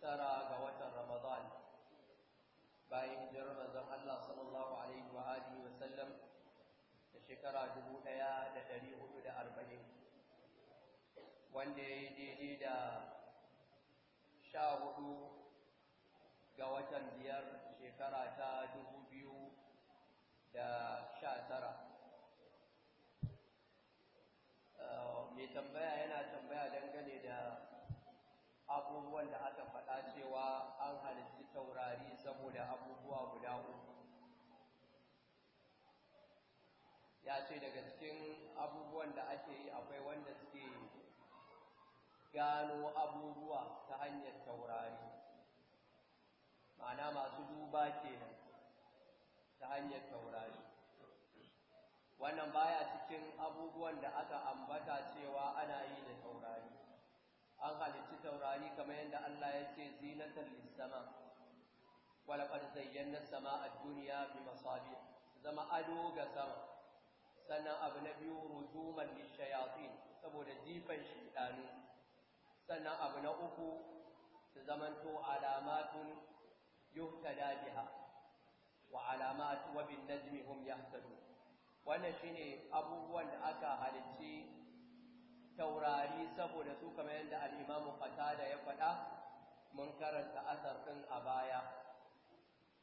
tara ga watan Ramadan bayan hijirar manzon Allah sallallahu alaihi wa alihi wa sallam da shekara 1440 wanda ya yi daidai da sha hudu ga watan biyar shekara ta dubu biyu da sha tara eh, mai tambaya yana tambaya dangane da abubuwan da an halarci taurari saboda abubuwa guda uku ya ce daga cikin abubuwan da ake yi akwai wanda suke gano abubuwa ta hanyar taurari ma'ana masu duba kenan ta hanyar taurari wannan baya cikin abubuwan da aka ambata cewa ana yi da taurari an halicci taurari kamar yadda Allah ya ce zinatan lissama walaqad zayyana sama'a duniya bi masabi zama ado ga sama sannan abu na biyu rujuman lishayatin saboda jifan shidanu sannan abu na uku su zamanto alamatun yuhtada biha wa alamat wa bin najmi hum wannan shine abubuwan da aka halicci taurari saboda su kamar yadda al'imamu da ya faɗa mun karanta asar ɗin a baya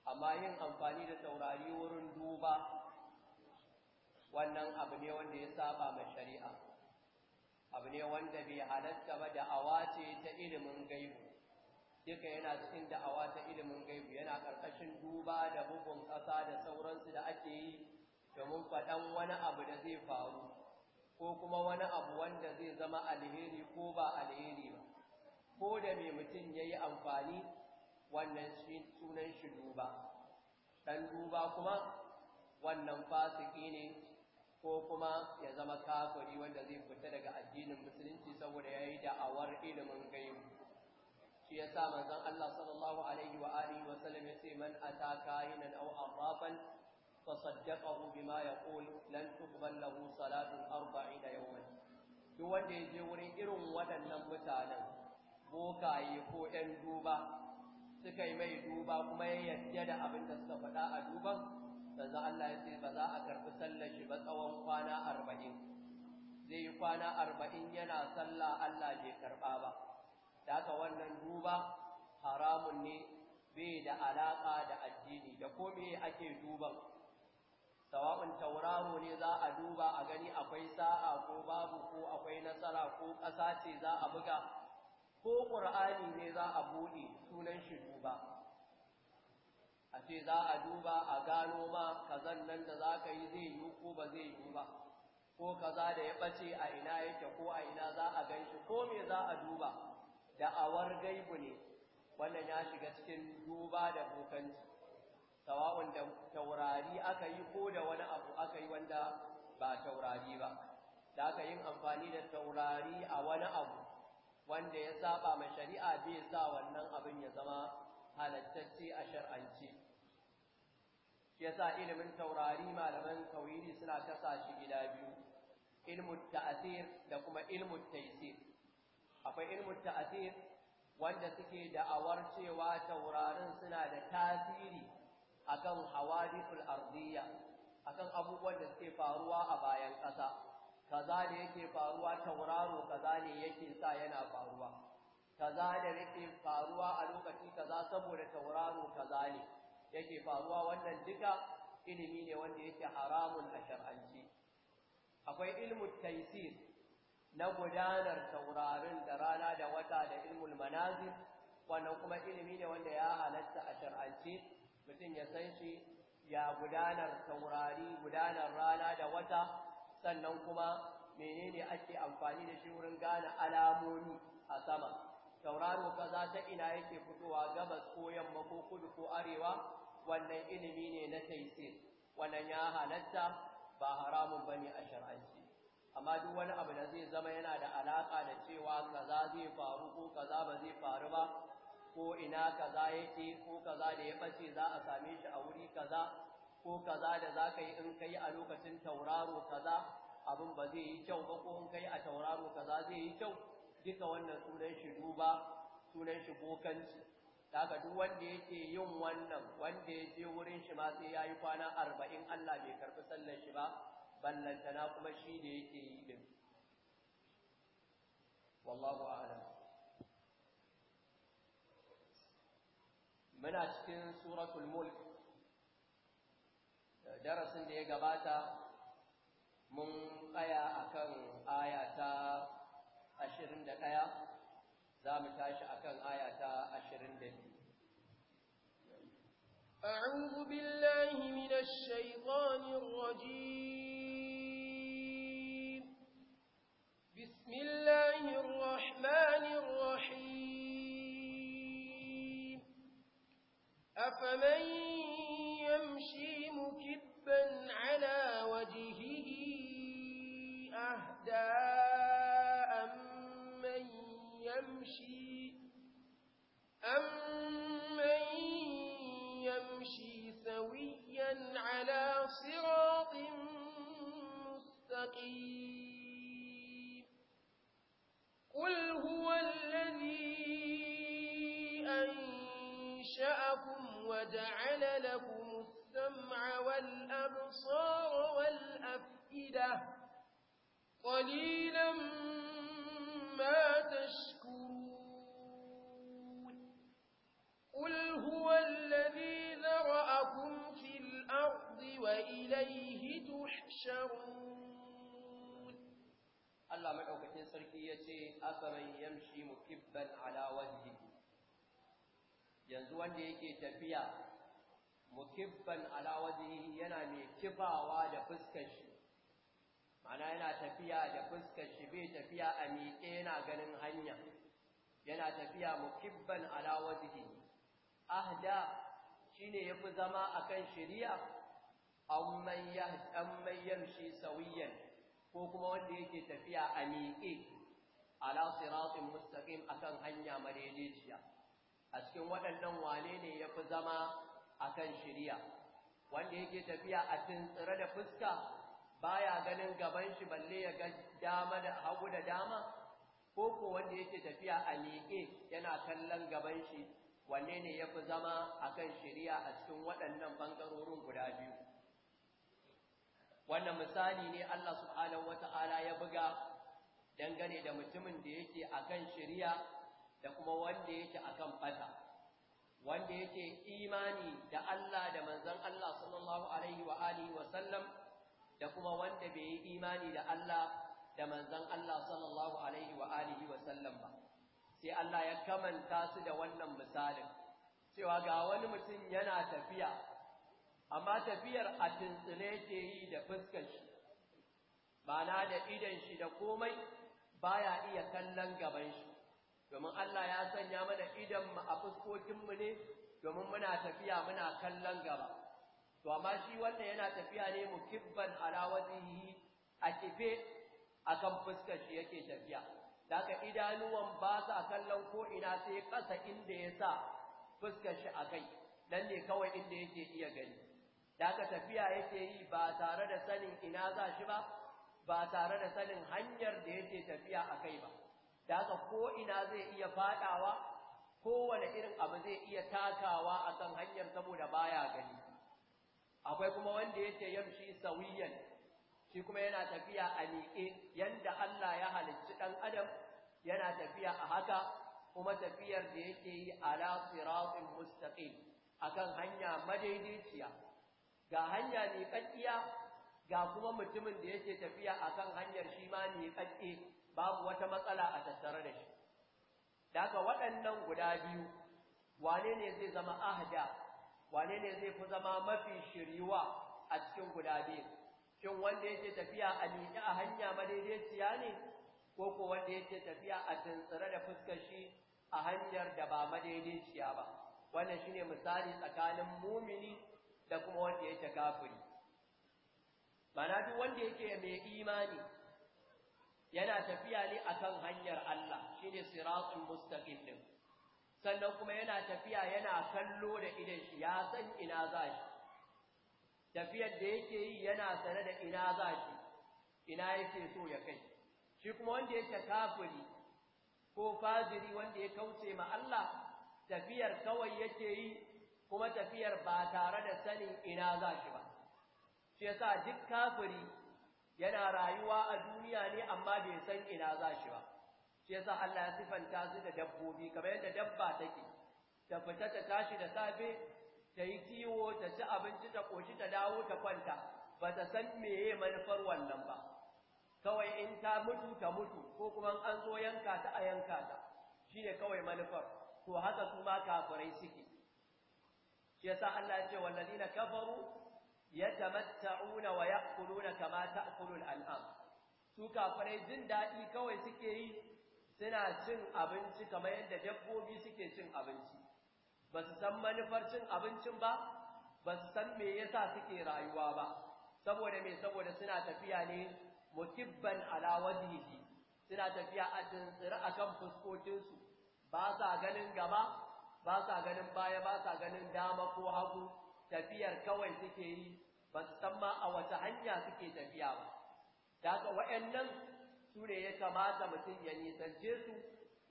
amma yin amfani da taurari wurin duba wannan abu ne wanda ya saba mai shari'a abu ne wanda bai halatta ba da ce ta ilimin gaibu duka yana cikin da'awa ta ilimin gaibu yana ƙarƙashin duba da bugun ƙasa da sauransu da ake yi domin faɗan wani abu da zai faru ko kuma wani abu wanda zai zama alheri ko ba alheri ba ko da mai mutum ya yi amfani wannan sunan shi duba ɗan duba kuma wannan fasiki ne ko kuma ya zama kafiri wanda zai fita daga addinin musulunci saboda ya yi da'awar ilimin gaibu shi ya sa manzon Allah sallallahu alaihi wa alihi wa sallam ya ce man ataka hinan aw arrafan فصدقه بما يقول لن تقبل له صلاة أربعين يوما duk wanda ya je wurin irin waɗannan mutanen bokaye ko ‘yan duba suka yi mai duba kuma ya yarda da abin da suka faɗa a duban sannan Allah ya ce ba za a karɓi sallar shi ba tsawon kwana arba'in zai yi kwana arba'in yana sallah Allah bai karɓa ba da haka wannan duba haramun ne bai da alaƙa da addini da ko me ake duban sawa'un tauraro ne za a duba a gani akwai sa'a ko babu ko akwai nasara ko ƙasa ce za a buga ko ƙur'ani ne za a buɗe sunan shi duba a ce za a duba a gano ma kazan nan da za ka yi zai yi ko ba zai yi ba ko kaza da ya ɓace a ina yake ko a ina za a gan shi ko me za a duba da'awar gaibu ne wannan ya shiga cikin duba da bokanci sawa'un da taurari aka yi ko da wani abu aka yi wanda ba taurari ba da aka yin amfani da taurari a wani abu wanda ya saba ma shari'a bai sa wannan abin ya zama halattacce a shar'ance yasa ilimin taurari malaman tauhidi suna kasa shi gida biyu ilmu ta'asir da kuma ilmun taysir akwai ilmun ta'asir wanda suke da'awar cewa taurarin suna da tasiri akan hawadithul ardiyya akan abubuwan da suke faruwa a bayan ƙasa kaza ne yake faruwa tauraro kaza ne yake sa yana faruwa kaza da yake faruwa a lokaci kaza saboda tauraro kaza ne yake faruwa wannan duka ilimi ne wanda yake haramun a shar'anci akwai ilmu taysir na gudanar taurarin da rana da wata da ilmul manazir wannan kuma ilimi ne wanda ya halatta a shar'anci mutum ya san shi ya gudanar taurari gudanar rana da wata sannan kuma menene ake amfani da shi wurin gane alamomi a sama tauraro kaza ta ina yake fitowa gabas ko yamma ko kudu ko arewa wannan ilimi ne na taisir wannan ya halatta ba haramun bane a shar'anci amma duk wani abu da zai zama yana da alaka da cewa kaza zai faru ko kaza ba zai faru ba ko ina kaza yake ko kaza da ya bace za a same shi a wuri kaza ko kaza da za ka yi in kai a lokacin tauraro kaza abin ba zai yi kyau ba ko in kai a tauraro kaza zai yi kyau duka wannan sunan shi duba sunan shi bokanci daga duk wanda yake yin wannan wanda ya je wurin shi ma sai yayi kwana arba'in Allah bai karfi sallar shi ba ballantana kuma shi da yake yi din wallahu a'lam muna cikin suratul mulk darasin da ya gabata mun tsaya akan aya ta 21 za mu tashi akan aya ta 22 أعوذ بالله من الشيطان الرجيم بسم الله الرحمن الرحيم أفمن يمشي مكبا على وجهه أهدى أمن يمشي وجعل wanda yake tafiya mukibban ala yana mai kibawa da fuskar shi mana yana tafiya da fuskar shi bai tafiya a miƙe yana ganin hanya yana tafiya mukibban ala ahda shine yafi zama akan shari'a aw man yahdam man yamshi sawiyan ko kuma wanda yake tafiya a miƙe ala siratin mustaqim akan hanya madaidaiciya a cikin waɗannan wane ne ya fi zama a kan shirya wanda yake tafiya a tsire da fuska baya ganin gaban shi balle ya ga dama da hagu da dama ko ko wanda yake tafiya a miƙe yana kallon gaban shi wanne ne ya fi zama a kan shirya a cikin waɗannan ɓangarorin guda biyu wannan misali ne Allah subhanahu wata'ala ya buga dangane da mutumin da yake a kan shirya da kuma wanda yake akan fata wanda yake imani da Allah da manzon Allah sallallahu alaihi wa alihi wa sallam da kuma wanda bai yi imani da Allah da manzon Allah sallallahu alaihi wa alihi wa sallam ba sai Allah ya kamanta su da wannan misalin cewa ga wani mutum yana tafiya amma tafiyar a tuntsune ke yi da fuskar shi na da idan shi da komai baya iya kallon gaban shi domin Allah ya sanya mana idan mu a fuskokinmu ne domin muna tafiya muna kallon gaba to amma shi wannan yana tafiya ne mu kibban wajhihi a kife akan fuskar shi yake tafiya daga idanuwan ba sa kallon ko ina sai kasa inda ya sa fuskar shi a kai nan ne kawai inda yake iya gani daga tafiya yake yi ba tare da sanin ina za shi ba ba tare da sanin hanyar da yake tafiya a kai ba da haka ko ina zai iya faɗawa, kowane irin abu zai iya takawa a kan hanyar saboda baya gani akwai kuma wanda yake yamshi sawiyan shi kuma yana tafiya a miƙe yanda Allah ya halicci ɗan adam yana tafiya a haka kuma tafiyar da yake yi ala siratin mustaqim akan hanya madaidaiciya ga hanya miƙaƙƙiya ga kuma mutumin da yake tafiya akan hanyar shi ma miƙaƙƙe babu wata matsala a tattare da shi daga waɗannan guda biyu wane ne zai zama ahda wane ne zai fi zama mafi shiriwa a cikin guda biyu shin wanda yake tafiya a miƙe a hanya madaidaiciya ne ko ko wanda yake tafiya a tantsare da fuskar shi a hanyar da ba madaidaiciya ba wannan shine misali tsakanin mumini da kuma wanda yake kafiri mana duk wanda yake mai imani yana tafiya ne akan hanyar Allah shine siratul mustaqim din sannan kuma yana tafiya yana kallo da idan shi ya san ina za shi tafiyar da yake yi yana sane da ina za shi ina yake so ya kai shi kuma wanda yake kafuri ko fajiri wanda ya kauce ma Allah tafiyar kawai yake yi kuma tafiyar ba tare da sanin ina za shi ba shi yasa duk kafuri. yana rayuwa a duniya ne amma bai san ina za shi ba shi yasa Allah ya sifanta su da dabbobi kamar yadda dabba take ta fita ta tashi da safe ta yi kiwo ta ci abinci ta koshi ta dawo ta kwanta ba ta san meye manufar wannan ba kawai in ta mutu ta mutu ko kuma an zo yanka ta a yanka ta shine kawai manufar to haka su ma kafirai suke shi yasa Allah ya ce wallazina kafaru yatamatta'una wa ya'kuluna kama ta'kulul al'am su kafirai jin daɗi kawai suke yi suna cin abinci kamar yadda dabbobi suke cin abinci ba su san manufar cin abincin ba ba su san me yasa suke rayuwa ba saboda me saboda suna tafiya ne mukibban ala wajhihi suna tafiya a tsira akan fuskokinsu ba sa ganin gaba ba sa ganin baya ba sa ganin dama ko hagu tafiyar kawai suke yi ba su san ma a wata hanya suke tafiya ba da haka waɗannan su ne ya kamata mutum ya nisance su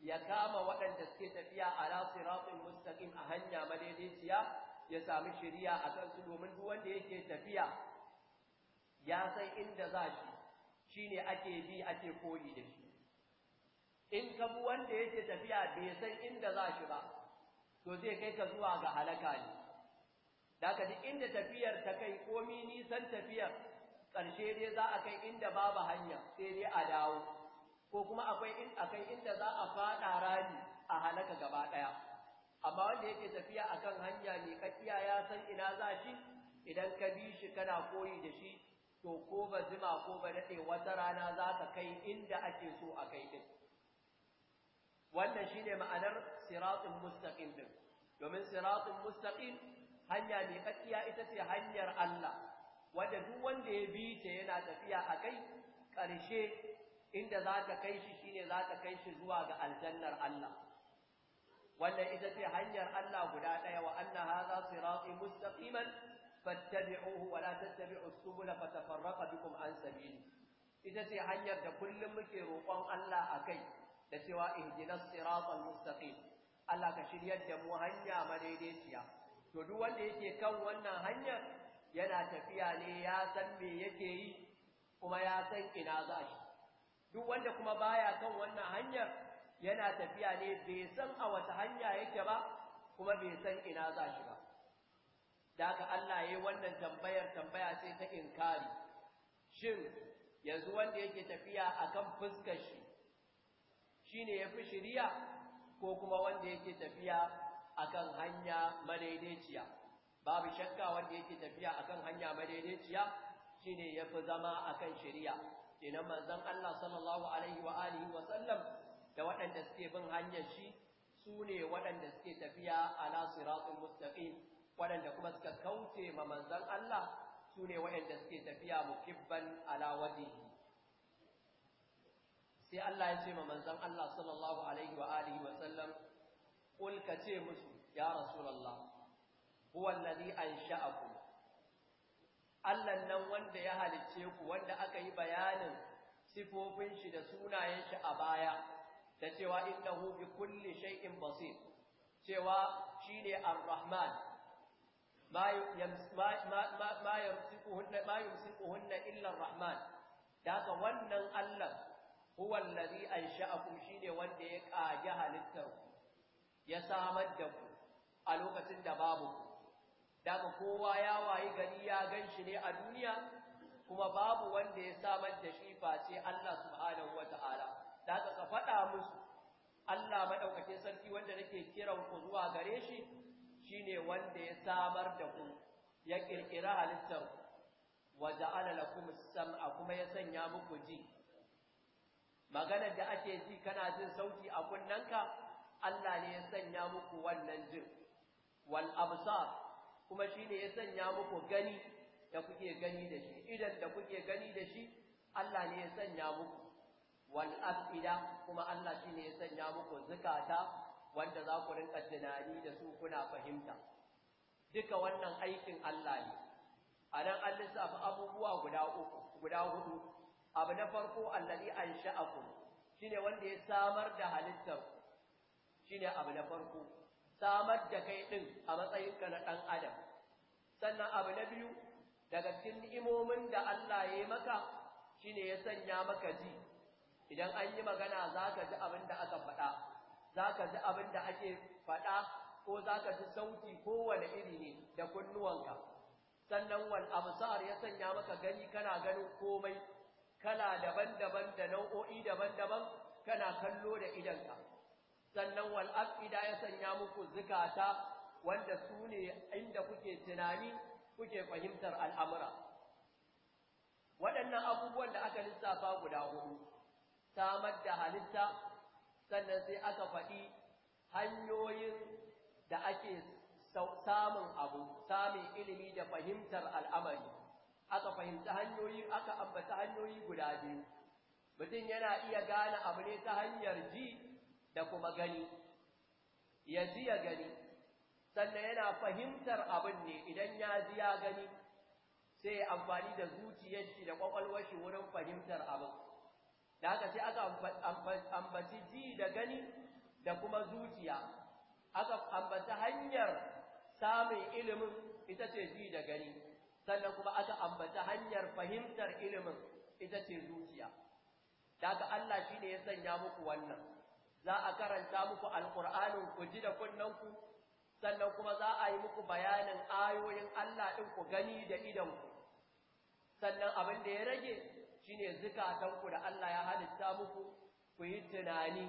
ya kama waɗanda suke tafiya a siratul mustaƙin a hanya madaidaiciya ya sami shiriya a kan su domin duk wanda yake tafiya ya san inda za shi ne ake bi ake koyi da shi in ka wanda yake tafiya bai san inda za shi ba to zai kai ka zuwa ga halaka ne da duk inda tafiyar ta kai komi nisan tafiyar ƙarshe dai za a kai inda babu hanya sai dai a dawo ko kuma akwai in akai inda za a faɗa rani a halaka gaba ɗaya amma wanda yake tafiya akan hanya mai kakkiya ya san ina za shi idan ka bi shi kana koyi da shi to ko ba zima ko ba daɗe wata rana za ka kai inda ake so a kai ɗin wannan shine ma'anar siratun mustaqim din domin siratun mustaqim hanya mai kakkiya ita ce hanyar Allah wanda duk wanda ya bi ta yana tafiya a kai ƙarshe inda za ta kai shi shine za ta kai shi zuwa ga aljannar Allah Wanda ita ce hanyar Allah guda ɗaya wa anna hadha sirati mustaqiman fattabi'uhu wa la tattabi'us subula fatafarraqa bikum an sabili ita ce hanyar da kullum muke roƙon Allah a kai da cewa ihdinas siratal mustaqim Allah ka shiryar da mu hanya madaidaiciya to duk wanda yake kan wannan hanyar yana tafiya ne ya san me yake yi kuma ya san ina za shi duk wanda kuma baya kan wannan hanyar yana tafiya ne bai san a wata hanya yake ba kuma bai san ina za shi ba da haka Allah ya yi wannan tambayar tambaya sai ta inkari shin yanzu wanda yake tafiya akan fuskar shi shi shine yafi shiriya ko kuma wanda yake tafiya akan hanya madaidaiciya babu shakka wanda yake tafiya akan hanya madaidaiciya shine yafi zama akan shari'a kenan manzon Allah sallallahu alaihi wa alihi wa sallam da waɗanda suke bin hanyar shi su ne waɗanda suke tafiya ala siratul mustaqim waɗanda kuma suka kauce ma manzon Allah su ne waɗanda suke tafiya mukibban ala wajihi sai Allah ya ce ma manzon Allah sallallahu alaihi wa alihi wa sallam Kul ka ce musu, Ya Rasulallah, huwan lalli an sha'aku, Allahn nan wanda ya halicce ku wanda aka yi bayanin sifofin shi da sunayen shi a baya, da cewa innahu bi kulli shay'in basir, cewa shi ne Ar-Rahman, ma yamsikuhunna illa Ar-Rahman, da haka wannan Allah, huwan lalli an shi ne wanda ya ƙage halittar ku. ya samar da ku a lokacin da babu ku daga kowa ya wayi gari ya gan shi ne a duniya kuma babu wanda ya samar da shi face Allah subhanahu wata'ala daga ka faɗa musu Allah maɗaukake sarki wanda nake kiran ku zuwa gare shi shi ne wanda ya samar da ku ya ƙirƙira halittar wa ja'ala lakum sama kuma ya sanya muku ji maganar da ake ji kana jin sauki a kunnanka Allah ne ya sanya muku wannan jin wal absar kuma shine ya sanya muku gani da kuke gani da shi idan da kuke gani da shi Allah ne ya sanya muku wal afida kuma Allah shine ya sanya muku zakata wanda za ku rinka tunani da su kuna fahimta duka wannan aikin Allah ne anan an lissafa abubuwa guda uku guda hudu abu na farko allazi ansha'akum shine wanda ya samar da halittar shine abu na farko samar da kai din a matsayin ka na dan adam sannan abu na biyu daga cikin ni'imomin da Allah ya yi maka shine ya sanya maka ji idan an yi magana zaka ji abin da aka faɗa zaka ji abin da ake faɗa ko zaka ji sauti kowane iri ne da kunnuwanka sannan wal absar ya sanya maka gani kana gano komai kala daban-daban da nau'o'i daban-daban kana kallo da idanka sannan wal afida ya sanya muku zukata, wanda sune inda kuke tunani kuke fahimtar al'amura waɗannan abubuwan da aka lissafa guda hudu samar da halitta sannan sai aka faɗi hanyoyin da ake samun abu samun ilimi da fahimtar al'amari aka fahimta hanyoyi aka ambata hanyoyi guda biyu mutum yana iya gane abu ne ta hanyar ji da kuma gani ya ji ya gani sannan yana fahimtar abin ne idan ya ji ya gani sai amfani da zuciyar da kwakwalwar shi wurin fahimtar abin da haka sai aka ambaci ji da gani da kuma zuciya aka ambaci hanyar samun ilimin ita ce ji da gani sannan kuma aka ambaci hanyar fahimtar ilimin ita ce zuciya da haka Allah ne ya sanya muku wannan za a karanta muku alƙur'anin ku ji da kunnanku sannan kuma za a yi muku bayanin ayoyin Allah ɗin ku gani da idanku sannan abin da ya rage shine zukatanku da Allah ya halitta muku ku yi tunani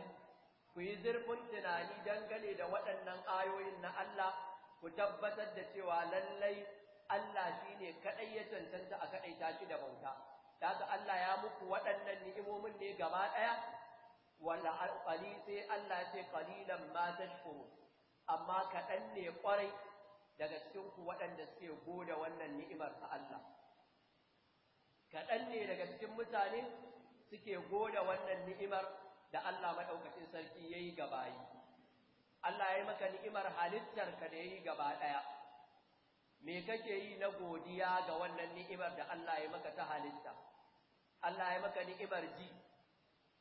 ku yi zurfin tunani dangane da waɗannan ayoyin na Allah ku tabbatar da cewa lallai Allah shine kaɗai ya cancanta a kaɗaita shi da bauta. Daga Allah ya muku waɗannan ni'imomin ne gaba ɗaya wala sai Allah ce qalilan ma tashkuru amma kaɗan ne kwarai daga cikinku waɗanda suke gode wannan ni'imar ta Allah kaɗan ne daga cikin mutane suke gode wannan ni'imar da Allah maɗaukacin sarki yayi ga bayi Allah ya maka ni'imar halittarka da da yayi gaba ɗaya? me kake yi na godiya ga wannan ni'imar da Allah ya maka ta halitta Allah ya maka ni'imar ji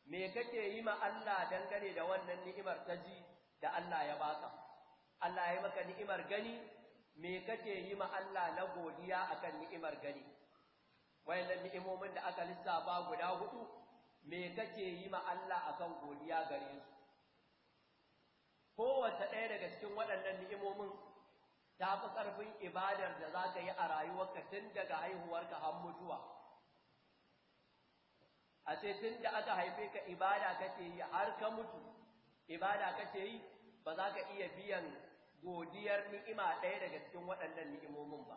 me kake yi ma Allah dangane da wannan ni'imar ta ji da Allah ya baka Allah ya maka ni'imar gani me kake yi ma Allah na godiya akan ni'imar gani wayannan ni'imomin da aka lissafa guda hudu me kake yi ma Allah akan godiya gare su kowace ɗaya daga cikin waɗannan ni'imomin ta fi ƙarfin ibadar da za ka yi a rayuwarka tun daga haihuwarka har mutuwa a ce tun da aka haife ka ibada kake yi har ka mutu ibada kake yi ba za ka iya biyan godiyar ni'ima ɗaya daga cikin waɗannan ni'imomin ba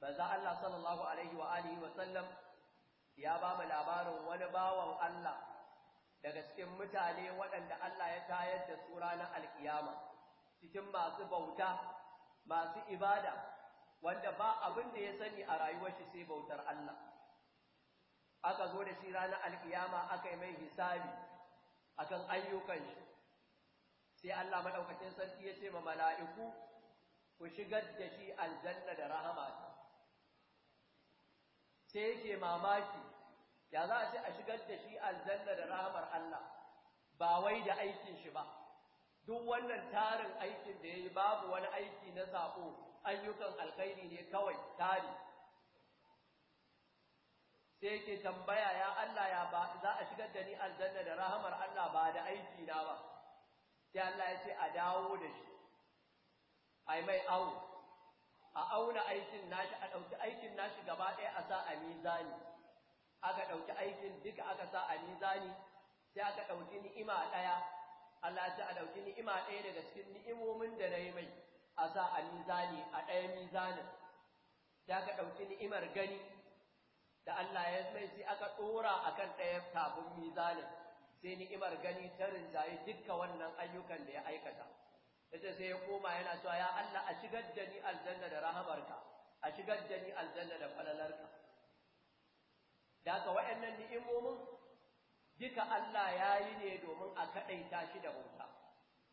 banza Allah sallallahu alaihi wa alihi wa sallam ya ba mu labarin wani bawan Allah daga cikin mutane waɗanda Allah ya tayar da su ranar alkiyama cikin masu bauta masu ibada wanda ba abin da ya sani a rayuwar shi sai bautar Allah aka zo da shi ranar alkiyama aka yi mai hisabi akan ayyukan shi sai Allah madaukakin sarki ya ce ma mala'iku ku shigar da shi aljanna da rahama sai yake mamaki ya za a ce a shigar da shi aljanna da rahamar Allah ba wai da aikin shi ba duk wannan tarin aikin da yayi babu wani aiki na sako ayyukan alkhairi ne kawai tari sai yake tambaya ya Allah ya ba za a shigar da ni aljanna da rahamar Allah ba da aiki na ba sai Allah ya ce a dawo da shi ai mai au. a auna aikin nashi a ɗauki aikin nashi gaba ɗaya a sa a mizani aka ɗauki aikin duka aka sa a mizani sai aka ɗauki ni'ima ɗaya Allah ya ce a ɗauki ni'ima ɗaya daga cikin ni'imomin da nayi yi mai a sa a mizani a ɗaya mizanin sai aka ɗauki ni'imar gani da Allah ya mai sai aka a kan ɗaya tafin mizanin sai ni'imar gani ta rinjaye dukka wannan ayyukan da ya aikata ita sai ya koma yana cewa ya Allah a shigar da ni aljanna da rahamarka a shigar da ni aljanna da falalarka da ka ni'in ni'imomin duka Allah ya yi ne domin a kadaita shi da bauta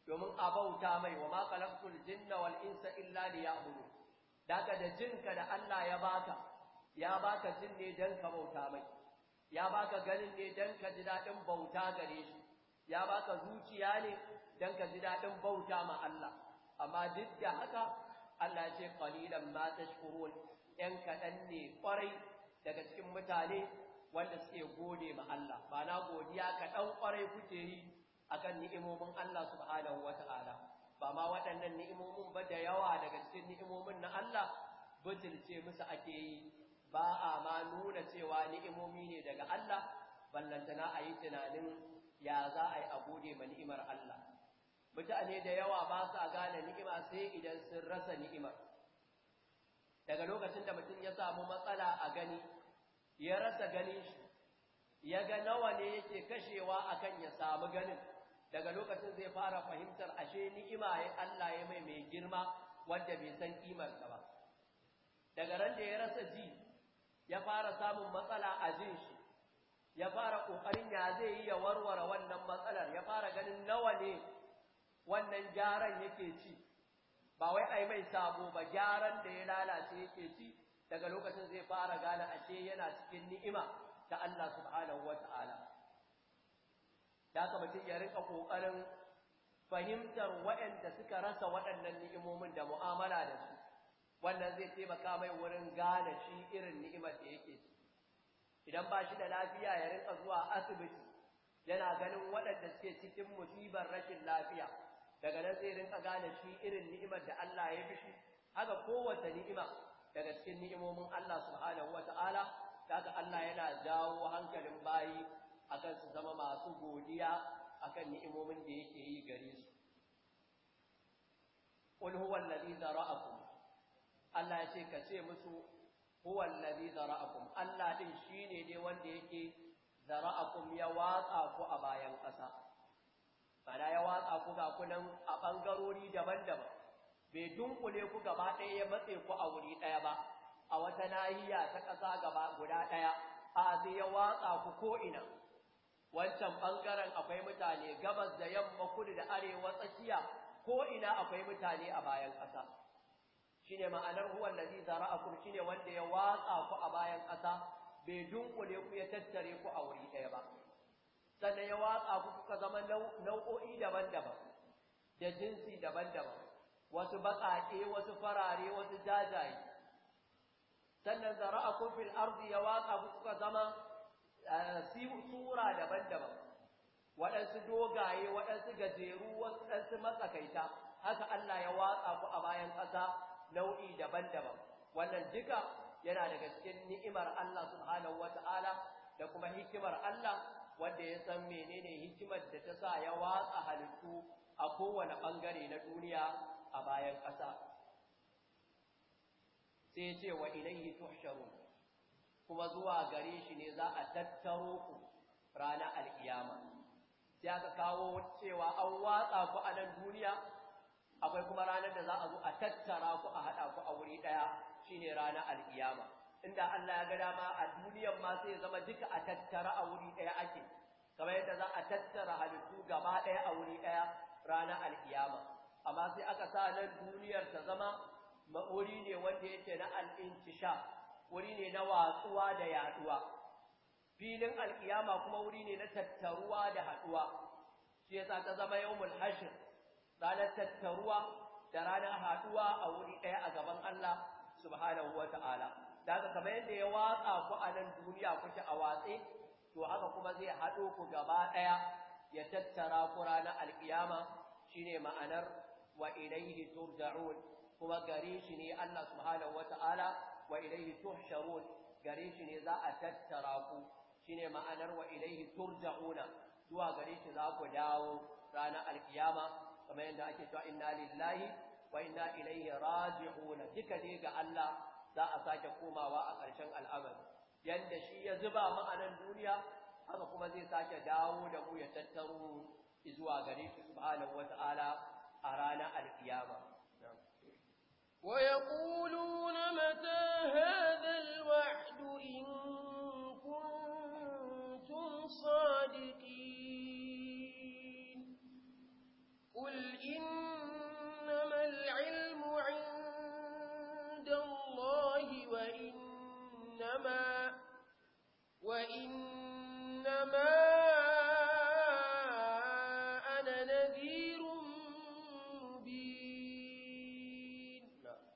domin a bauta mai wa ma jinna wal insa illa da ka da jinka da Allah ya baka ya baka jin ne dan ka bauta mai ya baka ganin ne dan ka ji dadin bauta gare shi ya baka zuciya ne dan ka ji dadin bauta ma Allah amma duk da haka Allah ya ce qalilan ma tashkurun yan kadan ne kwarai daga cikin mutane wanda suke gode ma Allah ba na godiya kaɗan kwarai kuke yi akan ni'imomin Allah subhanahu wata'ala ba ma waɗannan ni'imomin ba da yawa daga cikin ni'imomin na Allah butulce musu ake yi ba a ma nuna cewa ni'imomi ne daga Allah ballantana a yi tunanin ya za a yi a gode ma ni'imar Allah mutane da yawa ba gane ni'ima sai idan sun rasa ni'imar daga lokacin da mutum ya samu matsala a gani ya rasa ganin shi ya ga nawa ne yake kashewa akan ya samu ganin daga lokacin zai fara fahimtar ashe ni'ima ya Allah ya mai mai girma wanda bai san kimarsa ba daga ran da ya rasa ji ya fara samun matsala a jin shi ya fara ƙoƙarin ya zai yi ya warware wannan matsalar ya fara ganin nawa ne wannan gyaran yake ci ba wai ai mai sabo ba gyaran da ya lalace yake ci daga lokacin zai fara gane ashe yana cikin ni'ima ta Allah subhanahu wata'ala da ka mutum ya rinka ƙoƙarin fahimtar waɗanda suka rasa waɗannan ni'imomin da mu'amala da su wannan zai taimaka mai wurin gane shi irin ni'imar da yake ci idan ba shi da lafiya ya rinka zuwa asibiti yana ganin waɗanda suke cikin musibar rashin lafiya daga nan zai rinka gane shi irin ni'imar da Allah ya bishi haka kowace ni'ima daga cikin ni'imomin Allah subhanahu wata'ala daga Allah yana jawo hankalin bayi akan su zama masu godiya akan ni'imomin da yake yi gare su قل هو الذي Allah ya ce ka ce musu huwa allazi zara'akum Allah din shine ne wanda yake zara'akum ya watsa ku a bayan ƙasa bana ya watsa ku ga kunan a bangarori daban-daban bai dunkule ku gaba ɗaya ya matse ku a wuri ɗaya ba a wata nahiya ta ƙasa gaba guda ɗaya a zai ya watsa ku ko ina wancan bangaren akwai mutane gabas da yamma kudu da arewa tsakiya ko ina akwai mutane a bayan ƙasa shine ma'anar huwa allazi zara'akum shine wanda ya watsa ku a bayan ƙasa bai dunkule ku ya tattare ku a wuri ɗaya ba sannan ya watsa ku kuka zama nau'o'i daban-daban da jinsi daban-daban wasu baƙaƙe wasu farare wasu jajaye sannan zara'akum fil ardi ya watsa ku kuka zama eh, sura daban-daban waɗansu dogaye waɗansu gajeru waɗansu matsakaita haka Allah ya watsa ku a bayan ƙasa nau'i daban-daban wannan duka yana daga cikin ni'imar Allah subhanahu wata'ala da kuma hikimar Allah wanda ya san menene hikimar da ta sa ya watsa halittu a kowane bangare na duniya a bayan ƙasa sai ya ce wa ilayhi tuhsharun kuma zuwa gare shi ne za a tattaro ku ranar alkiyama sai aka kawo cewa an watsa ku a nan duniya akwai kuma ranar da za a zo a tattara ku a haɗa ku a wuri ɗaya shine ranar alkiyama inda Allah ya ga dama a duniyar ma sai ya zama duka a tattara a wuri ɗaya ake kamar yadda za a tattara halittu gaba ɗaya a wuri ɗaya ranar alkiyama amma sai aka sa nan duniyar ta zama wuri ne wanda yake na sha. wuri ne na watsuwa da yaɗuwa. filin alkiyama kuma wuri ne na tattaruwa da haɗuwa. shi yasa ta zama yawmul hashr ranar tattaruwa da ranar haɗuwa a wuri ɗaya a gaban Allah subhanahu wa ta'ala. Da haka kamar yadda ya watsa ku a nan duniya kuke a watse, to haka kuma zai haɗo ku gaba ɗaya ya tattara ku ranar alƙiyama ne ma'anar wa ilaihi turja'un kuma gare shi ne Allah subhanahu wa ta'ala wa ilaihi tuhsharun gare shi ne za a tattara ku ne ma'anar wa ilaihi turja'una zuwa gare shi za ku dawo ranar alƙiyama kamar yadda ake cewa inna lillahi wa inna ya raji'un duka dai ga Allah za a sake komawa a ƙarshen al'amari yanda shi ya zuba mu a nan duniya haka kuma zai sake dawo da mu ya tattaro zuwa gare shi subhanahu wata'ala a ranar alkiyama ويقولون متى هذا الوعد إن قل إنما العلم عند الله وإنما وإنما أنا نذير مبين نعم.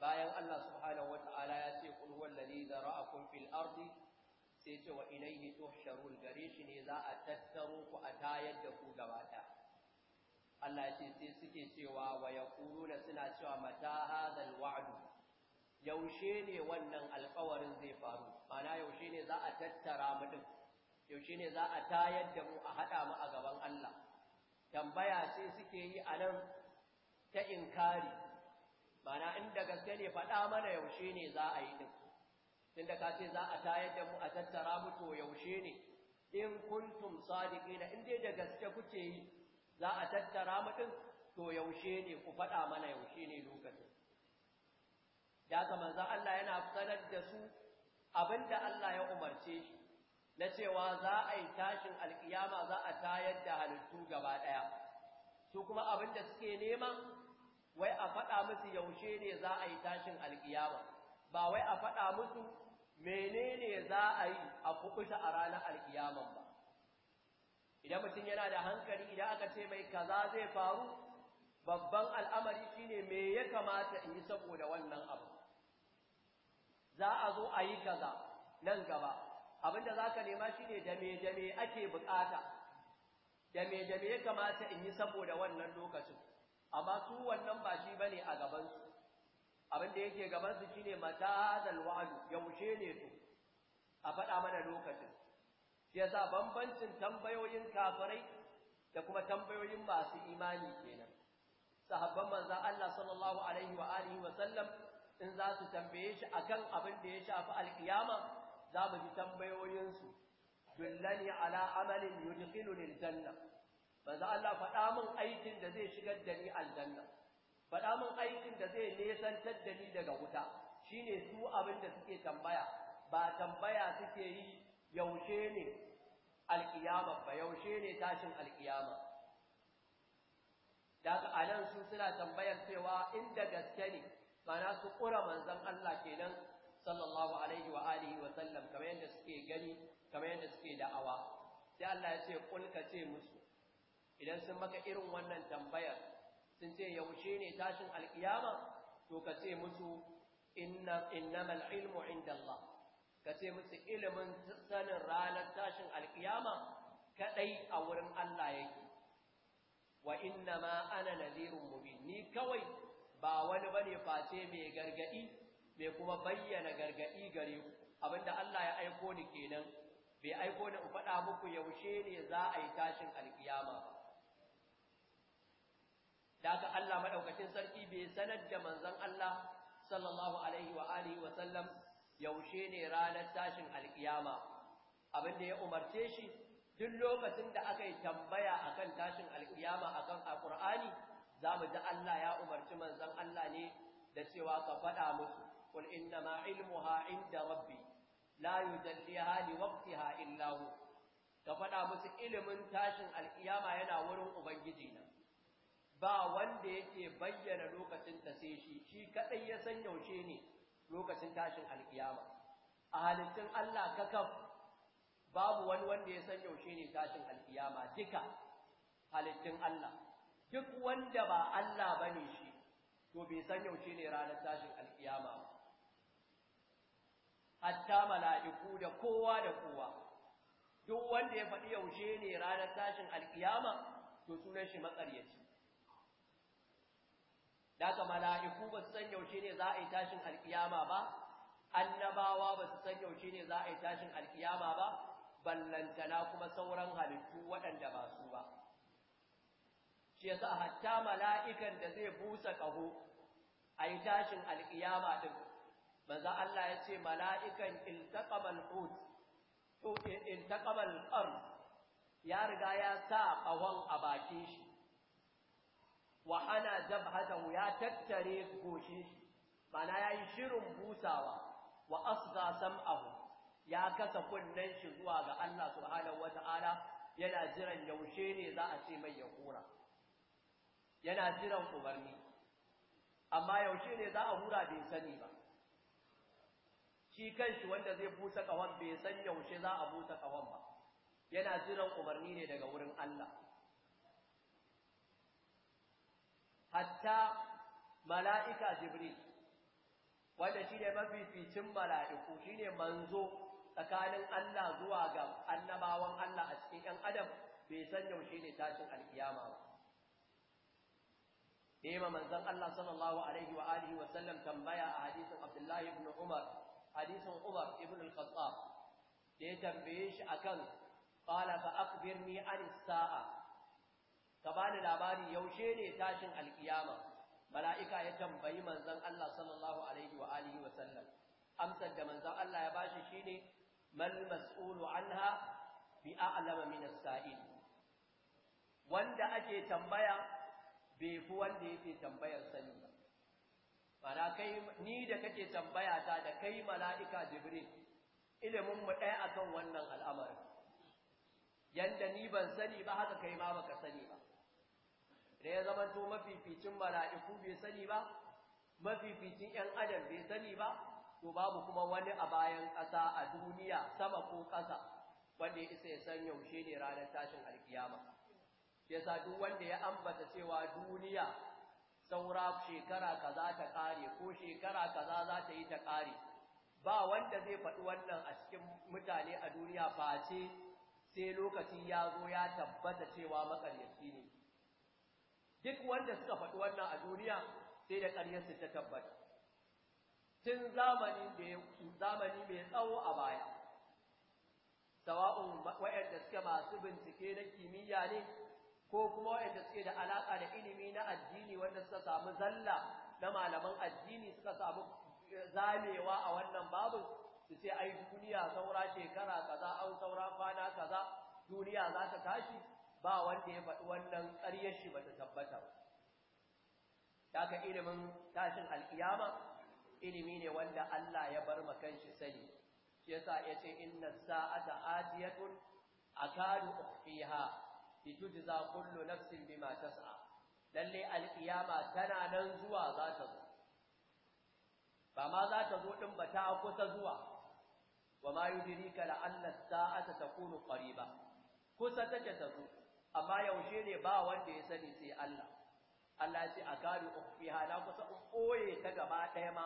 بايا الله سبحانه وتعالى يقول هو الذي ذرأكم في الأرض سيت وإليه تحشر الجريش إذا أتتروا أتثروا وأتايدكوا جواتا Allah ya ce sai suke cewa wa yaquluna suna cewa mata hadal wa'du yaushe ne wannan alƙawarin zai faru mana yaushe ne za a tattara mu din yaushe ne za a tayar da mu a hada mu a gaban Allah tambaya sai suke yi a nan ta inkari mana inda gaske ne faɗa mana yaushe ne za a yi din tunda ka ce za a tayar da mu a tattara mu to yaushe ne in kuntum sadiqina in dai da gaske kuke yi za a tattara mutum to yaushe ne ku faɗa mana yaushe ne lokacin da ga manzo Allah yana sanar da su abinda Allah ya umarce shi na cewa za a yi tashin alkiyama za a tayar da halittu gaba ɗaya su kuma abin da suke nema wai a faɗa musu yaushe ne za a yi tashin alkiyama ba wai a faɗa musu menene za a yi a kuɓuta a ranar alkiyaman ba idan mutum yana da hankali idan aka ce mai kaza zai faru babban al'amari shine me ya kamata in yi saboda wannan abu za a zo a yi kaza nan gaba abinda za ka nema shine da me da me ake bukata dame-dame da ya kamata in yi saboda wannan lokacin amma su wannan ba shi bane a gabansu abinda yake gabansu shine mata da yaushe ne to a faɗa mana lokacin shi yasa bambancin tambayoyin kafirai da kuma tambayoyin masu imani kenan sahabban manzo Allah sallallahu alaihi wa alihi wa sallam in za su tambaye shi akan abin da ya shafi alkiyama za mu ji tambayoyinsu dullani ala amalin lil janna manzo Allah faɗa min aikin da zai shigar da ni aljanna faɗa min aikin da zai nesantar da ni daga wuta shine su abin da suke tambaya ba tambaya suke yi yaushe ne alkiyama ba yaushe ne tashin alkiyama da a nan su suna tambayar cewa inda gaske ne mana su ƙura manzon Allah kenan sallallahu alaihi wa alihi wa sallam kamar yadda suke gani kamar yadda suke da'awa sai Allah ya ce kul ce musu idan sun maka irin wannan tambayar sun ce yaushe ne tashin alkiyama to ka ce musu inna innamal ilmu inda Allah ka ce musu ilimin sanin ranar tashin alkiyama Kaɗai a wurin Allah yake wa inna ma ana nazirun mubin ni kawai ba wani bane face mai gargaɗi, mai kuma bayyana gargaɗi gare ku abinda Allah ya aiko ni kenan bai aiko ni in faɗa muku yaushe ne za a yi tashin alkiyama Da daga Allah maɗaukacin sarki bai sanar da manzon Allah sallallahu alaihi wa alihi wa sallam yaushe ne ranar tashin alkiyama abin da ya umarce shi duk lokacin da aka yi tambaya akan tashin alkiyama akan za zamu ji Allah ya umarci manzon Allah ne da cewa ka faɗa musu qul inna ma ilmuha inda rabbi la yujalliha li waqtiha illa hu ka faɗa musu ilimin tashin alkiyama yana wurin ubangiji na ba wanda yake bayyana lokacin ta sai shi shi kadai ya san yaushe ne lokacin tashin alkiyama a halittun Allah kakaf babu wani wanda ya san yaushe ne tashin alkiyama duka halittun Allah duk wanda ba Allah bane shi to bai san yaushe ne ranar tashin alkiyama ba hatta mala'iku da kowa da kowa duk wanda ya faɗi yaushe ne ranar tashin alkiyama to sunan shi makaryaci da mala'iku ba su san yaushe ne za a yi tashin alkiyama ba annabawa ba su san yaushe ne za a yi tashin alkiyama ba ballantana kuma sauran halittu waɗanda ba su ba shi yasa hatta mala'ikan da zai busa ƙaho a yi tashin alkiyama ɗin, maza Allah ya ce mala'ikan iltaqamal hut to eh, iltaqamal ya riga ya sa ƙahon a bakin shi wa hana jabhatahu ya tattare goshin shi ya yayi shirin busawa wa asgha sam'ahu ya kasa kunnen shi zuwa ga Allah subhanahu wata'ala yana jiran yaushe ne za a ce mai ya yana jiran kubarni amma yaushe ne za a hura bai sani ba shi kanshi wanda zai busa kawan bai san yaushe za a busa kawan ba yana jiran umarni ne daga wurin Allah hatta mala'ika jibril wanda ne mafificin mala'iku shine manzo tsakanin Allah zuwa ga annabawan Allah a cikin ‘yan adam bai san yaushe ne tashin alkiyama ba. Nema manzon Allah sallallahu Alaihi wa alihi wa sallam tambaya a hadisin Abdullahi ibn Umar, hadisin Umar ibn al-Khattab, da ya tambaye shi akan qala fa birni an sa'a ka bani labari yaushe ne tashin alkiyama mala'ika ya tambayi manzon Allah sallallahu alaihi wa alihi wa sallam amsar da manzon Allah ya bashi shine mal mas'ulu anha bi a'lama min as-sa'il wanda ake tambaya bai fi wanda yake tambayar sani ba bara kai ni da kake tambaya ta da kai mala'ika jibril ilimin mu ɗaya akan wannan al'amarin yanda ni ban sani ba haka kai ma baka sani ba da ya zama zamanto mafificin mala'iku bai sani ba mafificin ‘yan adam bai sani ba to babu kuma wani a bayan ƙasa a duniya sama ko ƙasa wanda ya isa ya san yaushe ne ranar tashin alkiyama yasa duk wanda ya ambata cewa duniya saura shekara kaza ta ƙare ko shekara kaza za ta yi ta ƙare, ba wanda zai faɗi wannan a cikin mutane a duniya face sai lokaci ya zo ya tabbata cewa makaryaci ne duk wanda suka faɗi wannan a duniya sai da ƙaryarsu ta tabbata tun zamani zamani mai tsawo a baya sawa'un waɗanda suke masu bincike na kimiyya ne ko kuma waɗanda suke da alaƙa da ilimi na addini wanda suka samu zalla na malaman addini suka samu eh, zamewa a wannan babu su ce ai duniya saura shekara kaza an saura kwana kaza duniya za ta tashi ba wanda ya faɗi wannan ƙaryar shi ba ta tabbata ba daga ilimin tashin alkiyama ilimi ne wanda Allah ya bar makan shi sani shi yasa ce inna sa'ata atiyatun akadu ukhfiha litujza kullu nafsin bima tas'a lalle alkiyama tana nan zuwa za ta zo ba ma za ta zo din ba ta kusa zuwa wa ma yudrika la'alla sa'ata takunu qariba kusa take ta zo amma yaushe ne ba wanda ya sani sai Allah Allah ya ce a akari ukhfiha la kusa in koye ta gaba daya ma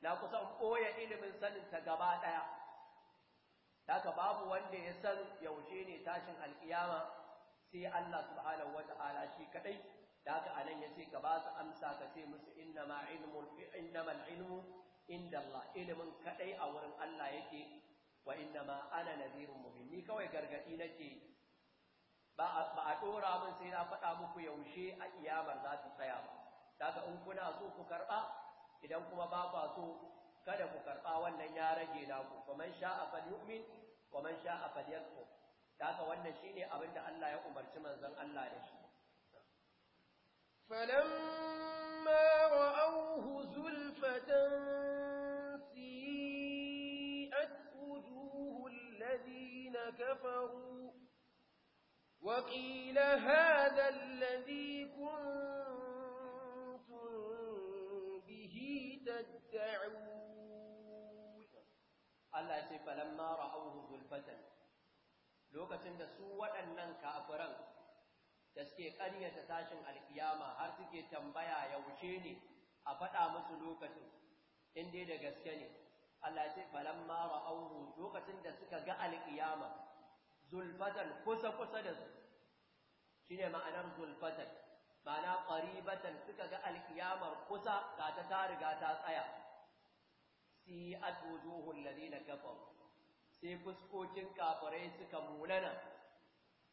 la kusa in koye ilimin sanin ta gaba daya haka babu wanda ya san yaushe ne tashin alkiyama sai Allah subhanahu wata'ala shi kadai da haka anan ce ka ba su amsa ka ce musu innama ilmu innama ilmu inda Allah ilimin kadai a wurin Allah yake wa inna ma ana nadhirun mubin ni kawai gargadi nake ba ba a dora min sai na faɗa muku yaushe a iyamar za su tsaya ba daga in kuna so ku karɓa, idan kuma ba ku so kada ku karɓa wannan ya rage naku faman sha'a falyu'min waman sha'a falyakfur daga wannan shine abin da Allah ya umarci manzon Allah da shi falamma ra'awhu zulfatan كفروا وقيل هذا الذي كنتم به تدعون الله ce falamma ra'awhu zulfatan lokacin da su waɗannan kafuran da suke ƙaryata tashin alkiyama har suke tambaya yaushe ne a faɗa musu lokacin in dai da gaske ne Allah ce lokacin da suka ga alkiyama zulfatan kusa kusa da su Shi ne ma'anar zulfatan ma'ana batan suka ga alkiyamar kusa ga ta riga ta tsaya si atujuhul na kafa sai fuskokin kafirai suka munana.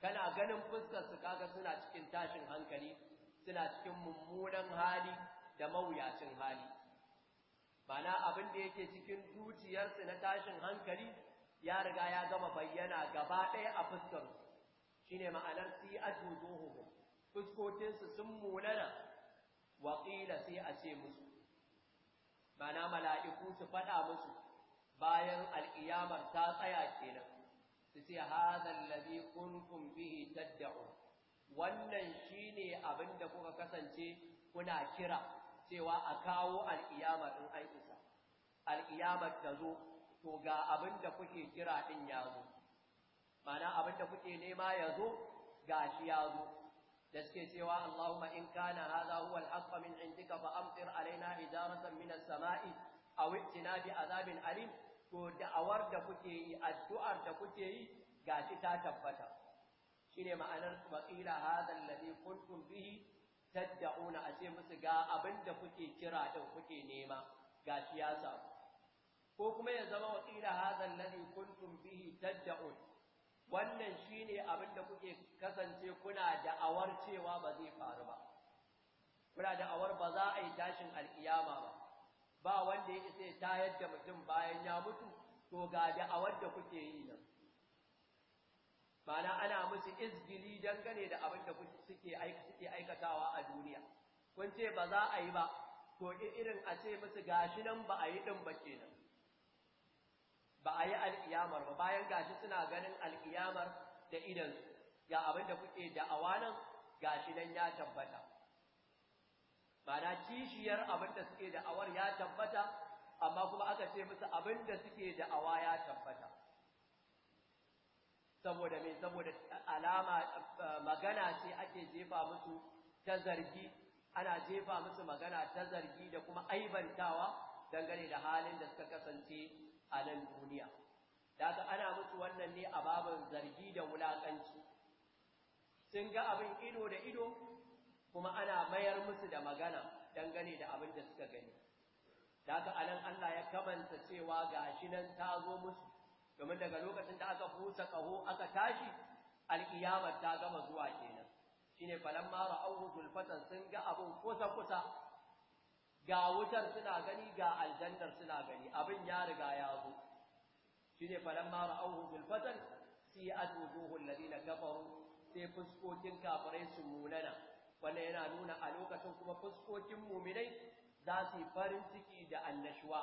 kana ganin fuskar su kaga suna cikin tashin hankali suna cikin mummunan hali da mawuyacin hali bana abin da yake cikin zuciyarsu na tashin hankali ya riga ya gama bayyana gaba ɗaya a fuskar shine ma'anar si ajuduhum fuskokinsu sun munana waƙila sai a ce musu mana mala'iku su faɗa musu bayan al'iyamar ta tsaya kenan su ce hadhal ladhi kuntum bihi tadda'u wannan shine abin da kuka kasance kuna kira cewa a kawo al'iyamar in an isa al'iyamar ta zo to ga abin da kuke kira ɗin ya zo mana abin da kuke nema ya zo ga shi ya zo da suke cewa Allahumma in kana hadha huwa al min indika fa amtir alaina hijaratan min samai a itina bi azabin alim to da'awar da kuke yi addu'ar da kuke yi ga shi ta tabbata shine ma'anar waqila hadha alladhi kuntum bihi tad'una ace musu ga abin da kuke kira din kuke nema ga ya samu ko kuma ya zama wasila hadha alladhi kuntum bihi tad'un wannan shine abin da kuke kasance kuna da'awar cewa ba zai faru ba kuna da'awar ba za a yi tashin alkiyama ba ba wanda ya isa ya yadda mutum bayan ya mutu to ga awar da kuke yi nan Bana ana musu izgili dangane da abin da suke aikatawa a duniya kun ce ba za a yi ba to irin a ce musu gashi nan ba a yi din ba kenan ba a yi alƙiyamar ba bayan gashi suna ganin al'iyamar da idan ga abin da kuke da'awa nan gashi nan ya tabbata mana kishiyar abin da suke da'awar ya tabbata amma kuma aka ce musu abin da suke da'awa ya tabbata saboda me saboda alama eh, magana ce ake jefa musu ta zargi ana jefa musu magana ta zargi da kuma aibantawa dangane da halin da suka kasance alal duniya daga ana musu wannan ne a babin zargi da wulakanci sun ga abin ido da ido kuma ana mayar musu da magana gane da abin da suka gani daga anan Allah ya kamanta cewa gashi nan ta zo musu domin daga lokacin da aka fusa kaho aka tashi alkiyamar ta gama zuwa kenan shine falamma ra'awhu zulfatan sun ga abin kusa kusa ga wutar suna gani ga aljannar suna gani abin ya riga ya zo shine falamma ra'awhu bil fatan si'at wujuhul ladina kafaru sai fuskokin kafirai su munana wannan yana nuna a lokacin kuma fuskokin muminai za su yi farin ciki da annashuwa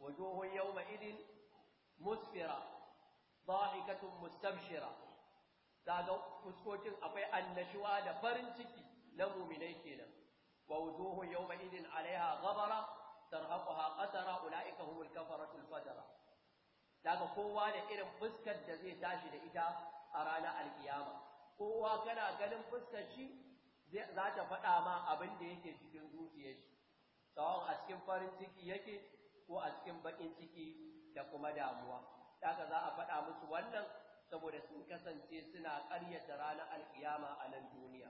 wujuhun yawma idin musfira dhahikatun mustabshira daga fuskokin akwai annashuwa da farin ciki na muminai kenan ووجوه يومئذ عليها غبرة ترهقها قترة أولئك هم الكفرة الفجرة daga kowa da irin fuskar da zai tashi da ita a ranar alkiyama kowa kana ganin fuskar shi za ta faɗa ma abin da yake cikin zuciyar shi tsawon a cikin farin ciki yake ko a cikin baƙin ciki da kuma damuwa daga za a faɗa musu wannan saboda sun kasance suna ƙaryata ranar alkiyama a nan duniya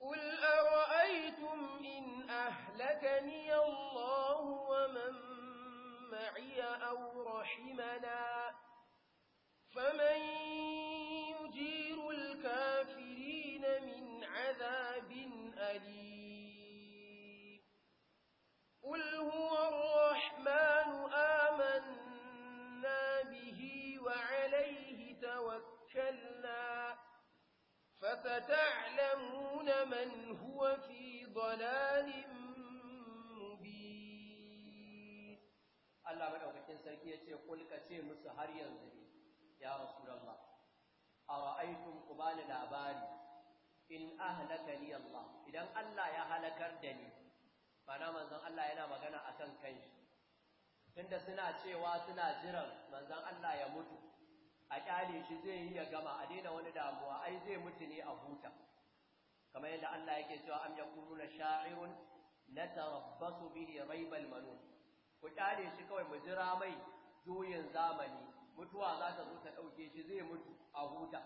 قل أرأيتم إن أهلكني الله ومن معي أو رحمنا فمن يجير الكافرين من عذاب أليم قل هو الرحمن آمنا به وعليه توكلنا فستعلمون من هو في ضلال مبين الله مدوكين sarki yace kul kace musu har yanzu ne ya rasulullah ara'aytum qubala labari in ahlaka li Allah idan Allah ya halakar da ni bana manzon Allah yana magana akan kai tunda suna cewa suna jiran manzon Allah ya mutu a kyale shi zai yi ya gama a daina wani damuwa ai zai mutu ne a huta kamar yadda Allah yake cewa am yaquluna sha'irun natarabbasu bihi raibal manun ku kyale shi kawai mu jira mai juyin zamani mutuwa za ta zo ta dauke shi zai mutu a huta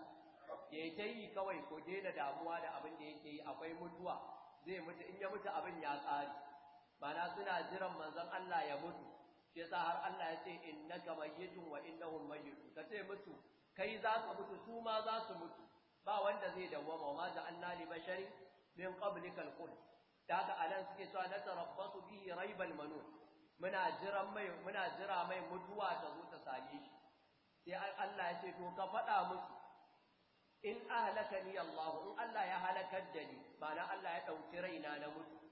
yayi ta yi kawai ko daina damuwa da abin da yake yi akwai mutuwa zai mutu in ya mutu abin ya tsari mana suna jiran manzon Allah ya mutu shi har Allah ya ce innaka mayyitun wa innahum mayyitun ka ce mutu kai za ka mutu su ma za su mutu ba wanda zai dawwama wa ma ja'alna li basharin min qablikal khuld da haka anan suke cewa na tarabbasu bihi raibal manun muna jira mai muna jira mai mutuwa ta zo ta same shi sai Allah ya ce to ka faɗa musu in ahlakani Allah in Allah ya halakar da ni ba na Allah ya ɗauki raina na mutu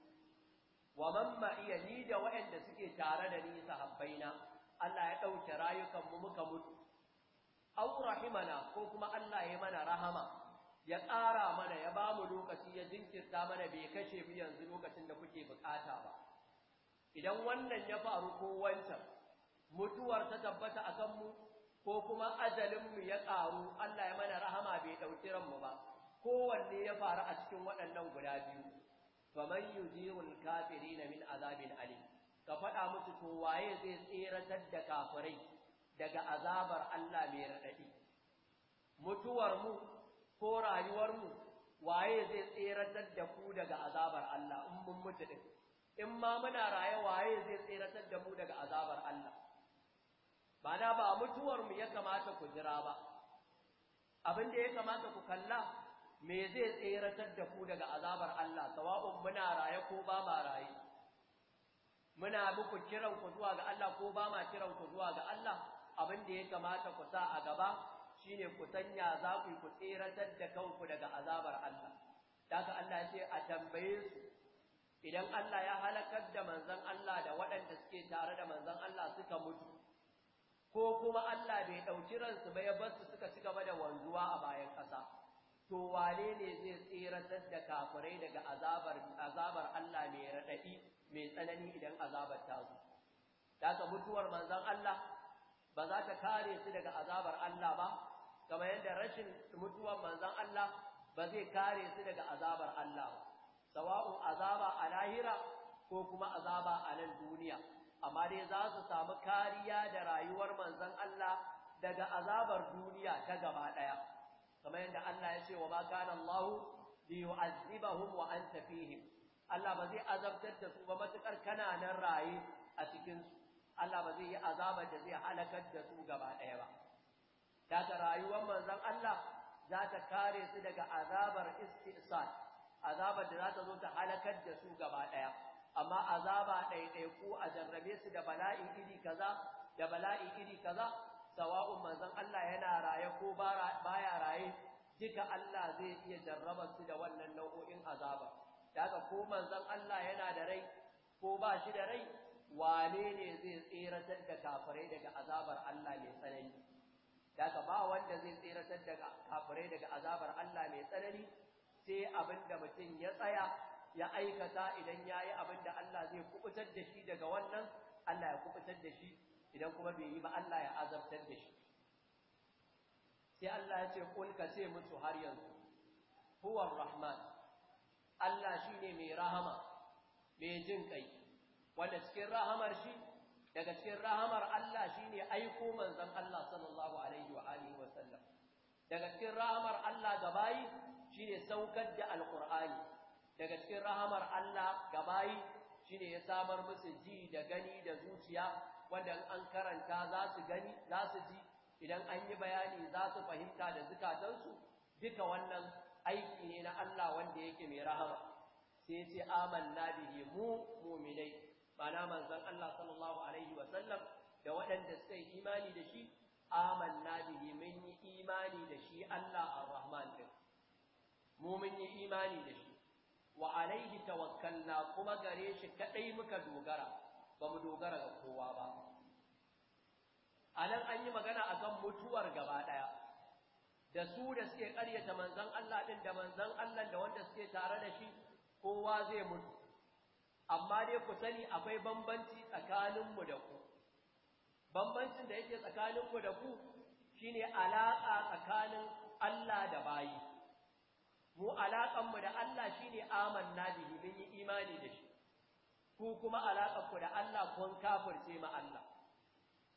wa man ma'iya ni da waɗanda suke tare da ni sahabbaina Allah ya ɗauke rayukanmu muka mutu aw rahimana ko kuma Allah ya mana rahama ya ƙara mana ya ba mu lokaci ya jinkirta mana bai kashe mu yanzu lokacin da kuke bukata ba idan wannan ya faru ko wancan mutuwar ta tabbata a kanmu ko kuma ajalinmu ya ƙaru Allah ya mana rahama bai ɗauki ranmu ba kowanne ya faru a cikin waɗannan guda biyu faman yujirul na min azabin Ali. ka faɗa musu to waye zai tseratar da kafirai daga azabar Allah mai raɗaɗi mutuwar mu ko rayuwar mu waye zai tseratar da ku daga azabar Allah in mun mutu din in ma muna raye waye zai tseratar da mu daga azabar Allah ba da ba mutuwar mu ya kamata ku jira ba abin da ya kamata ku kalla me zai tseratar da ku daga azabar Allah sawa'un muna raye ko ba ma raye muna muku kiran ku zuwa ga Allah ko ba ma kiran ku zuwa ga Allah abin da ya kamata ku sa a gaba shine ku sanya za ku ku tseratar da kanku daga azabar Allah daga Allah ce a tambaye su idan Allah ya halakar da manzon Allah da waɗanda suke tare da manzon Allah suka mutu ko kuma Allah bai ɗauki ransu ba ya bar su suka ci gaba da wanzuwa a bayan ƙasa to wane ne zai tseratar da kafirai daga azabar Allah mai raɗaɗi, mai tsanani idan azabar ta zo daga mutuwar manzon Allah ba za ta kare su daga azabar Allah ba kamar yadda rashin mutuwar manzon Allah ba zai kare su daga azabar Allah ba sawa'un azaba a lahira ko kuma azaba a nan duniya amma dai za su samu kariya da rayuwar manzon Allah daga azabar duniya ta gaba ɗaya. kamar yadda Allah ya ce wa ma kana Allah li yu'azzibahum wa anta fihim Allah ba zai azabtar da su ba matukar kana nan raye a cikin su Allah ba zai yi azaba da zai halakar da su gaba ɗaya ba daga rayuwar manzon Allah za ta kare su daga azabar istisal azabar da za ta zo ta halakar da su gaba ɗaya amma azaba ɗaiɗaiku a jarrabe su da bala'i iri kaza da bala'i iri kaza sawa'un manzon Allah yana raye ko baya raye duka Allah zai iya jarrabar su da wannan nau'o'in azaba daga ko manzon Allah yana da rai ko ba shi da rai wane ne zai tseratar da kafirai daga azabar Allah mai tsanani daga ba wanda zai tseratar da kafirai daga azabar Allah mai tsanani sai abinda mutum ya tsaya ya aikata idan yayi abinda Allah zai kubutar da shi daga wannan Allah ya kubutar da shi idan kuma bai yi ba Allah ya azabtar da shi sai Allah ya ce kul ka ce musu har yanzu huwa rahman Allah shine mai rahama mai jin kai wanda cikin rahamar shi daga cikin rahamar Allah shine aiko manzon Allah sallallahu alaihi wa alihi wa sallam daga cikin rahamar Allah ga bayi shine saukar da alqur'ani daga cikin rahamar Allah ga bayi shine ya samar musu ji da gani da zuciya wanda an karanta za su gani za su ji idan an yi bayani za su fahimta da zukatansu duka wannan aiki ne na Allah wanda yake mai rahama sai ce amanna bihi mu mu'minai bana manzon Allah sallallahu alaihi wa sallam da waɗanda suka yi imani da shi amanna bihi mun yi imani da shi Allah ar-Rahman din mu mun yi imani da shi wa alaihi tawakkalna kuma gare shi kadai muka dogara ba mu dogara ga kowa ba Anan an yi magana a kan mutuwar gaba ɗaya da su da suke ƙaryata manzan Allah ɗin da manzan Allah da wanda suke tare da shi kowa zai mutu amma dai ku sani akwai bambanci tsakaninmu da ku bambancin da yake tsakaninmu da ku shine alaƙa tsakanin Allah da bayi mu alaƙanmu da Allah shine amanna bihi mun yi imani da shi ku kuma alaƙar ku da Allah kun kafirce ma Allah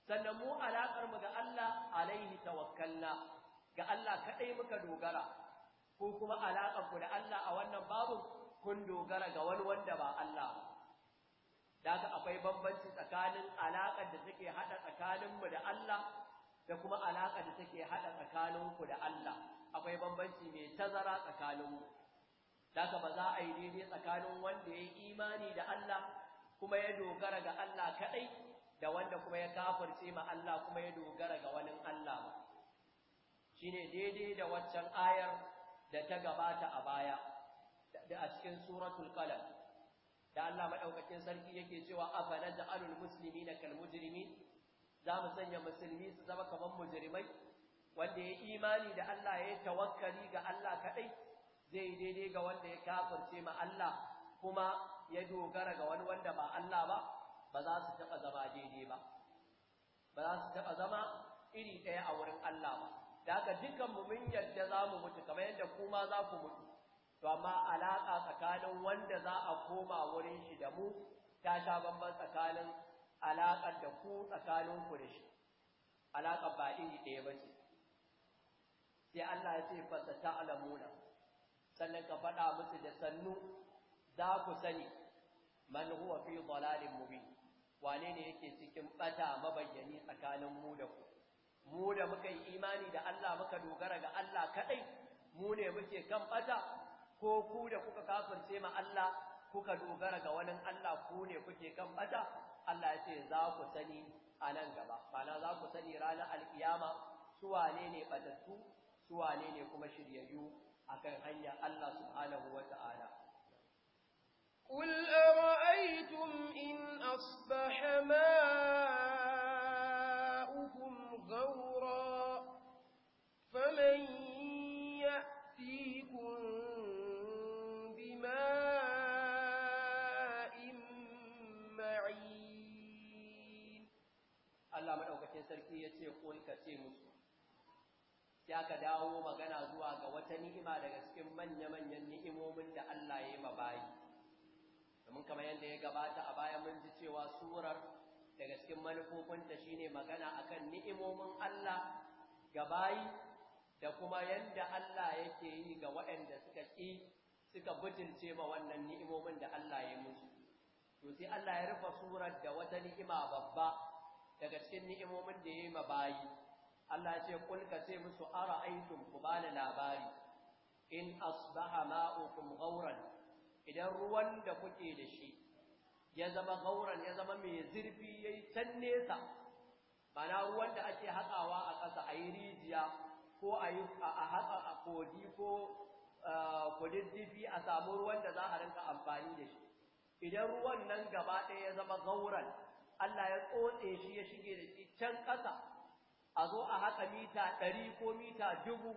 sannan mu alaƙar mu ga Allah alaihi tawakkalna ga Allah kaɗai muka dogara ku kuma alaƙar ku da Allah a wannan babu kun dogara ga wani wanda ba Allah Da ka akwai bambanci tsakanin alaƙar da take hada tsakaninmu da Allah da kuma alaƙar da take haɗa tsakanin da Allah akwai bambanci mai tazara tsakanin Daga ba za a yi daidai tsakanin wanda ya imani da Allah kuma ya dogara ga Allah kaɗai da wanda kuma ya kafirce ma Allah kuma ya dogara ga wani Allah ba. Shi ne daidai da waccan ayar da ta gabata a baya da a cikin suratul kalam. da Allah maɗaukakin sarki yake cewa afa alul musulmi na kalmujirimi za mu sanya musulmi su zama kamar mujirimai wanda ya imani da Allah ya tawakkari ga zai daidai ga wanda ya kafirce ma Allah kuma ya dogara ga wani wanda ba Allah ba ba za su taɓa zama daidai ba ba za su taɓa zama iri ɗaya a wurin Allah ba da haka dukan mu mun yadda za mu mutu kamar yadda kuma za ku mutu to amma alaƙa tsakanin wanda za a koma wurin shi da mu ta sha bamban tsakanin alaƙar da ku tsakanin ku da shi alaƙar ba iri ɗaya ba ce sai Allah ya ce fasa ta'lamuna sannan ka faɗa musu da sannu za ku sani man huwa fi dalalin mubi wane ne yake cikin bata mabayyani tsakanin mu da ku mu da muka yi imani da Allah muka dogara ga Allah kadai mu ne muke kan bata ko ku da kuka kafirce ma Allah kuka dogara ga wani Allah ku ne kuke kan bata Allah ya ce za ku sani a nan gaba bana za ku sani ranar alkiyama su wane ne batattu su wane ne kuma shiryayyu akan hanya Allah subhanahu wa ta'ala قل أرأيتم إن أصبح ماؤكم غورا فمن يأتيكم بماء معين الله من أوكتين سركية يقول كتير مسلم ya ka dawo magana zuwa ga wata ni'ima daga cikin manya-manyan ni'imomin da Allah ya yi ma bayi domin kamar yadda ya gabata a baya mun ji cewa surar daga cikin manufofinta shi ne magana akan ni'imomin Allah ga bayi da kuma yadda Allah yake yi ga waɗanda suka ƙi suka butulce ma wannan ni'imomin da Allah ya musu to sai Allah ya rufe surar da wata ni'ima babba daga cikin ni'imomin da ya yi ma bayi Allah ce kul ka ce musu ara'aytum ku bani labari in asbaha ma'ukum ghauran idan ruwan da kuke da shi ya zama gauran ya zama mai zurfi yayi can nesa bana ruwan da ake haƙawa a ƙasa a yi rijiya ko a yi a haƙa a kodi ko kududdufi a samu ruwan da za a rinka amfani da shi idan ruwan nan gaba ɗaya ya zama gauran Allah ya tsotse shi ya shige da shi can ƙasa a zo a haka mita ɗari ko mita dubu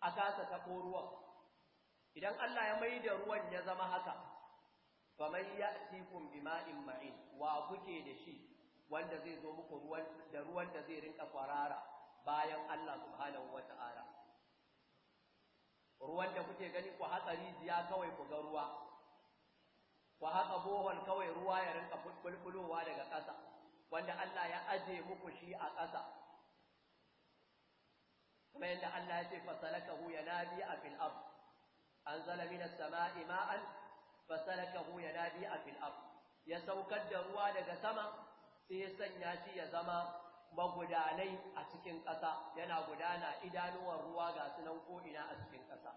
a kasa taɓo ruwan idan Allah ya mai da ruwan ya zama haka faman ya'tikum bi ma'in wa kuke da shi wanda zai zo muku ruwan da ruwan da zai rinka kwarara bayan Allah subhanahu wata'ala ruwan da kuke gani ku haka rijiya kawai ku ga ruwa ku haka bohon kawai ruwa ya rinka fulfulowa daga ƙasa wanda Allah ya aje muku shi a ƙasa kuma Allah ya ce fasalakahu yanadi a fil ab anzala minas sama'i ma'an fasalakahu yanadi a fil ya saukar da ruwa daga sama sai ya sanya shi ya zama magudanai a cikin ƙasa yana gudana idanuwar ruwa ga sunan ko'ina a cikin ƙasa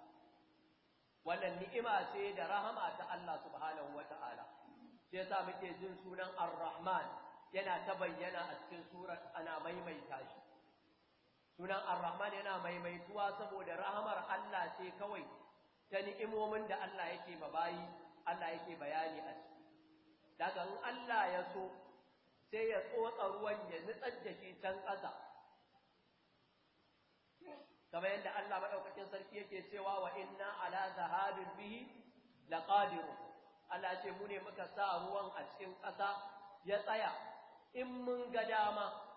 wannan ni'ima ce da rahama ta Allah subhanahu wata'ala shi yasa muke jin sunan ar-rahman yana ta bayyana a cikin surar ana maimaita shi sunan Ar-Rahman yana maimaituwa saboda rahamar Allah ce kawai ta ni'imomin da Allah yake ma Allah yake bayani a ciki daga in Allah ya so sai ya tsotsa ruwan ya nutsar da shi can ƙasa kamar yadda Allah madaukakin sarki yake cewa wa inna ala zahabin bihi laqadir Allah ce mu ne muka sa ruwan a cikin ƙasa ya tsaya in mun ga dama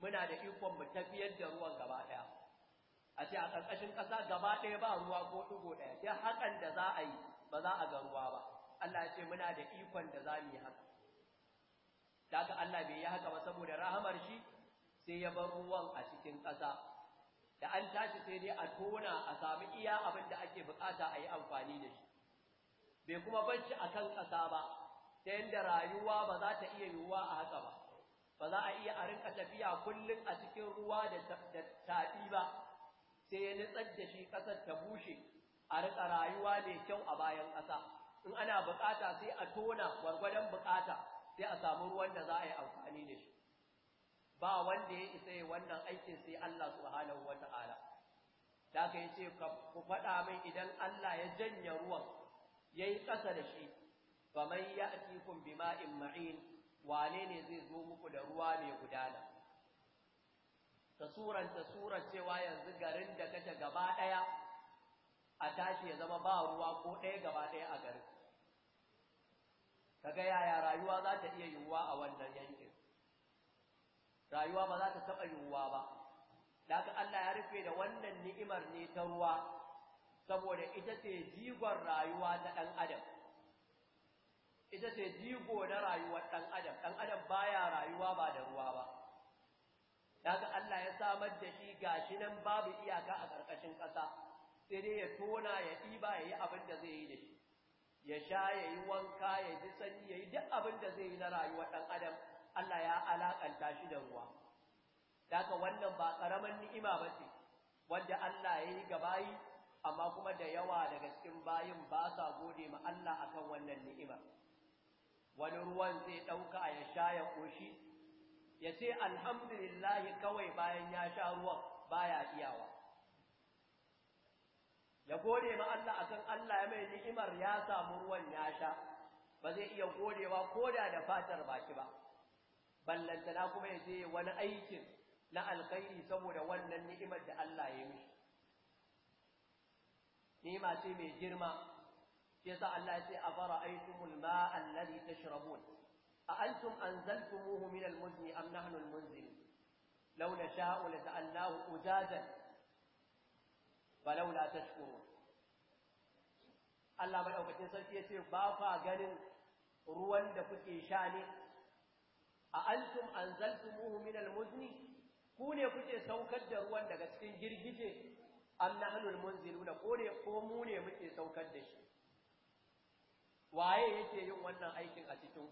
muna da ikon mu tafiyar da ruwan gaba ɗaya a ce a ƙarƙashin ƙasa gaba ɗaya ba ruwa ko ɗigo ɗaya duk hakan da za a yi ba za a ga ruwa ba Allah ya ce muna da ikon da za mu yi haka daga Allah bai yi haka ba saboda rahamar shi sai ya bar ruwan a cikin ƙasa da an tashi sai dai a tona a samu iya abin da ake bukata a yi amfani da shi bai kuma bar shi akan ƙasa ba ta yadda rayuwa ba za ta iya yiwuwa a haka ba ba za a iya a rinka tafiya kullum a cikin ruwa da tafi ba sai ya nutsar da shi ƙasar ta bushe a rika rayuwa mai kyau a bayan ƙasa in ana buƙata sai a tona gwargwadon buƙata sai a samu ruwan da za a yi amfani da shi ba wanda ya isa yi wannan aikin sai Allah subhanahu wa ta'ala da ka yi ce ku faɗa min idan Allah ya janye ruwan ya yi ƙasa da shi faman ya atikun bima'in ma'in wane ne zai zo muku da ruwa mai gudana ta suranta surar cewa yanzu garin da kake gaba ɗaya a tashi ya zama ba ruwa ko ɗaya gaba ɗaya a garin kaga yaya rayuwa za ta iya yiwuwa a wannan yankin rayuwa ba za ta taɓa yiwuwa ba daga Allah ya rufe da wannan ni'imar ne ta ruwa saboda ita ce jigon rayuwa ta ɗan ita ce jigo na rayuwar ɗan adam ɗan adam baya rayuwa ba da ruwa ba Ya ga Allah ya samar da shi gashi nan babu iyaka a ƙarƙashin ƙasa sai dai ya tona ya ɗiba ya yi abin da zai yi da shi ya sha ya yi wanka ya ji sanyi ya yi duk abin da zai yi na rayuwar ɗan adam Allah ya alaƙanta shi da ruwa Ya ga wannan ba ƙaramin ni'ima ba ce wanda Allah ya yi ga bayi amma kuma da yawa daga cikin bayin ba sa gode ma Allah akan wannan ni'imar wani ruwan zai ɗauka ya sha ya ƙoshi ya ce alhamdulillahi kawai bayan ya sha ruwan baya iyawa ya gode ma Allah akan Allah ya mai ni'imar ya samu ruwan ya sha ba zai iya godewa ko da da fatar baki ba ballantana kuma ya je wani aikin na alkhairi saboda wannan ni'imar da Allah ya yi mishi ni'ima ce mai girma yasa Allah ya ce afara'aytumul ma'a alladhi tashrabun a antum anzaltumuhu min al-muzni am nahnu al-munzilun law nasha'u lata'allahu ujadan falawla tashkurun Allah madaukakin sarki ya ce ba fa ganin ruwan da kuke sha ne a antum anzaltumuhu min al-muzni ku ne kuke saukar da ruwan daga cikin girgije am nahnu al-munziluna ko ne ko mu ne muke saukar da shi waye yake yin wannan aikin a cikin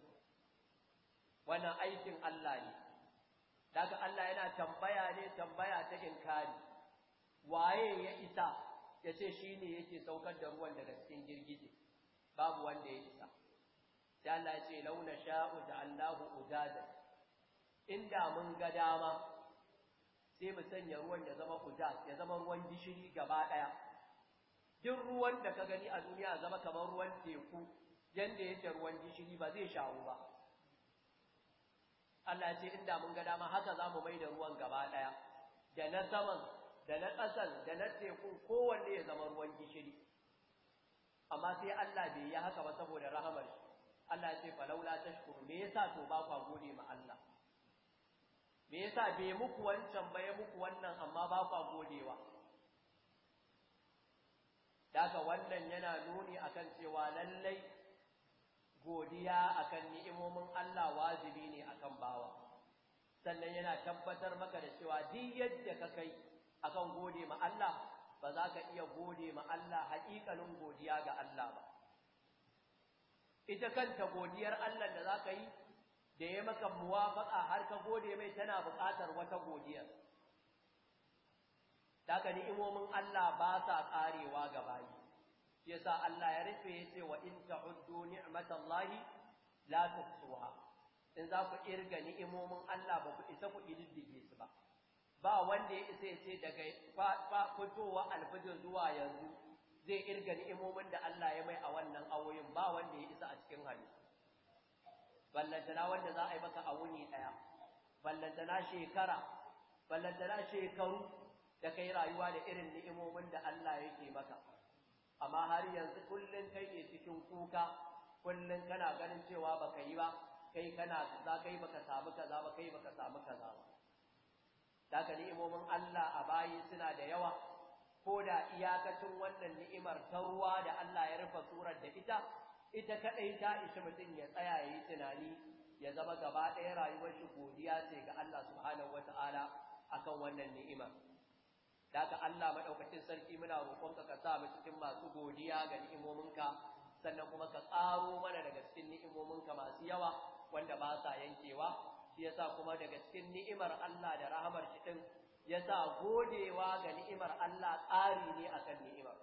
wannan aikin Allah ne daga Allah yana tambaya ne tambaya ta inkari waye ya isa ya ce shi ne yake saukar da ruwan daga cikin girgije babu wanda ya isa sai Allah ya ce launa sha'u da Allahu ujada inda mun ga dama sai mu sanya ruwan ya zama udas ya zama ruwan gishiri gaba daya duk ruwan da ka gani a duniya zama kamar ruwan teku yanda yake ruwan gishiri ba zai shawo ba Allah ce inda mun ga dama haka za mu mai da ruwan gaba ɗaya da na saman da na ƙasan da na teku kowanne ya zama ruwan gishiri amma sai Allah bai yi haka ba saboda rahamar shi Allah ce falaula tashkuru me yasa to ba kwa gode ma Allah me yasa bai muku wancan ba ya muku wannan amma ba kwa godewa daga wannan yana nuni akan cewa lallai godiya akan ni'imomin Allah wajibi ne akan bawa sannan yana tabbatar maka da cewa duk yadda ka kai akan gode ma Allah ba za ka iya gode ma Allah haƙiƙanin godiya ga Allah ba ita kanta godiyar Allah da za ka yi da ya maka muwafaƙa har ka gode mai tana buƙatar wata godiyar daga ni'imomin Allah ba sa ƙarewa ga bayi yasa Allah ya rufe ya ce wa in ta'uddu ni'matallahi la tuhsuha in za ku irga ni'imomin Allah ba ku isa ku ididdige su ba ba wanda ya isa ya ce daga fitowa alfajir zuwa yanzu zai irga ni'imomin da Allah ya mai a wannan awoyin ba wanda ya isa a cikin halittu ballantana wanda za a yi maka a wuni ɗaya ballantana shekara ballantana shekaru da kai rayuwa da irin ni'imomin da Allah yake maka amma har yanzu kullum kai ne cikin kuka kullun kana ganin cewa baka yi ba kai kana za kai baka samu kaza ba kai baka samu kaza ba ka ni'imomin Allah a bayi suna da yawa ko da iyakacin wannan ni'imar ta ruwa da Allah ya rufe surar da ita ita kadai ta ishi mutum ya tsaya ya yi tunani ya zama gaba ɗaya rayuwar shi godiya ce ga Allah subhanahu wataala akan wannan ni'imar daga Allah maɗaukacin sarki muna roƙonka ka sa mu cikin masu godiya ga ni'imominka sannan kuma ka tsaro mana daga cikin ni'imominka masu yawa wanda ba sa yankewa shi yasa kuma daga cikin ni'imar Allah da rahamar shi din yasa godewa ga ni'imar Allah tsari ne akan ni'imar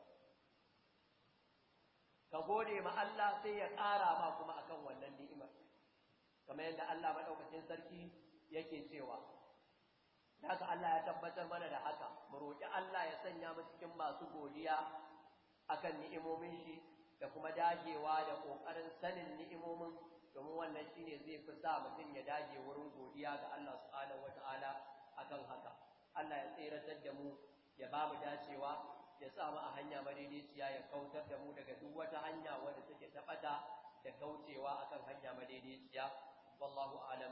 ka gode ma Allah sai ya ƙara ma kuma akan wannan ni'imar kamar yadda Allah maɗaukacin sarki yake cewa haka Allah ya tabbatar mana da haka mu roƙi Allah ya sanya mu cikin masu godiya akan ni'imomin shi da kuma dagewa da ƙoƙarin sanin ni'imomin domin wannan ne zai fi sa mutum ya dage wurin godiya ga Allah subhanahu wata'ala akan haka Allah ya tseratar da mu ya ba mu dacewa ya sa mu a hanya madaidaiciya ya kautar da mu daga duk wata hanya wadda take ta da kaucewa akan hanya madaidaiciya wallahu alam